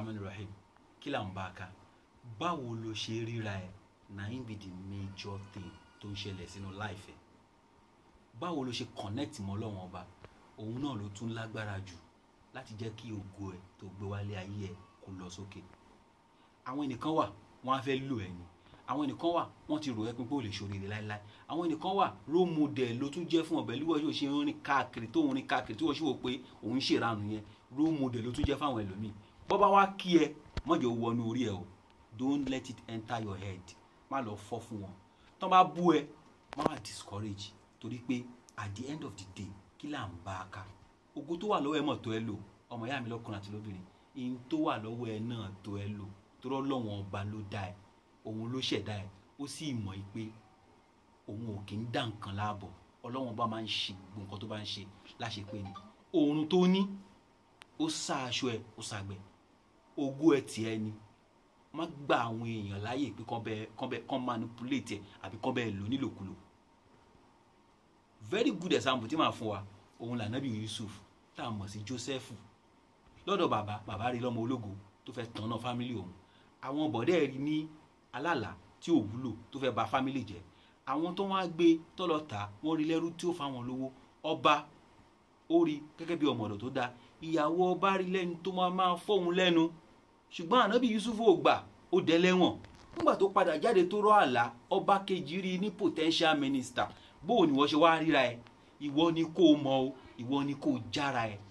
rahman rahim kí là ń bá a ká báwo lo ṣe ríra ẹ naim be the major thing tó ń ṣẹlẹ̀ sínú láìfẹ́ báwo lo ṣe connect mọ́ Ọlọ́run ọba òun náà ló tún lágbára jù láti jẹ́ kí ògo ẹ tó gbé wálé ayé ẹ kó lọ sókè àwọn ẹnìkan wà wọ́n á fẹ́ lò ẹ́ ni àwọn ẹnìkan wà wọ́n ti rò ẹ́ pé ó lè ṣoríire láéláé àwọn ẹnìkan wà role model ló tún jẹ́ fún ọ̀bẹ lúwọ́ yóò ṣe ń rìn káàkiri tó ń rìn káàkiri tí wọ́n ṣe wò pé òun ṣèrànù yẹn role model ló tún jẹ́ fáwọn ẹlòmíì bọ́ba wa kí ẹ mọ̀jẹ̀ wọnú orí ẹ o don't let it enter your head má lọ fọ́ fún wọn tó bá bú ẹ má wà discourage torí pé at the end of the day kí là ń bá a ká ogo tó wà lọ́wọ́ ẹ mọ̀ tó ẹ lò ọmọ ìyá mi lọ́kùnrin àti lóbìnrin ihun tó wà lọ́wọ́ ẹ náà tó ẹ lò tọ́rọ́ lọ́wọ́n ọba ló dá ẹ òun ló ṣẹ̀dá ẹ ó sì mọ̀ ẹ pé òun ò kì í dá nǹkan láàbọ̀ ọlọ́wọ́n bá máa ń ṣe gbogbo nǹkan tó bá ń ṣe láṣepé ni òórùn tó ní ó sá aṣọ ẹ ó sàgbẹ́ ogún ẹ̀ tiẹ̀ ni má gba àwọn èèyàn láàyè pé kán bẹ kán bẹ kán manipulate ẹ àbí kán bẹ lò nílòkulò very good example tí màá fún wa òun lànàbí Yusuf tá a mọ̀ sí Joseph lọ́dọ̀ bàbá bàbá rí lọ́mọ ológo tó fẹ́ tàn náà fámílì òun àwọn bọ̀dẹ́ rí ní alálà tí ò wúlò tó fẹ́ ba fámílì jẹ́ àwọn tó wọ́n á gbé tọ́lọ́ta wọ́n rí lẹ́rú tí ó fáwọn lówó ọba ó rí gẹ́gẹ́ bí ọmọdọ̀ tó dáa ìyàwó ọba rí lẹ́nu tó máa máa fọ́hun lẹ́nu ṣùgbọ́n ànábì yusufu ò gbà ó dẹlẹ́wọ̀n nígbà tó padà jáde tó rọ àlá ọba kejì rí ní potential minister bó o ní wọ́n ṣe wá ríra ẹ ìwọ ni kó o mọ o ìwọ ni kó jára ẹ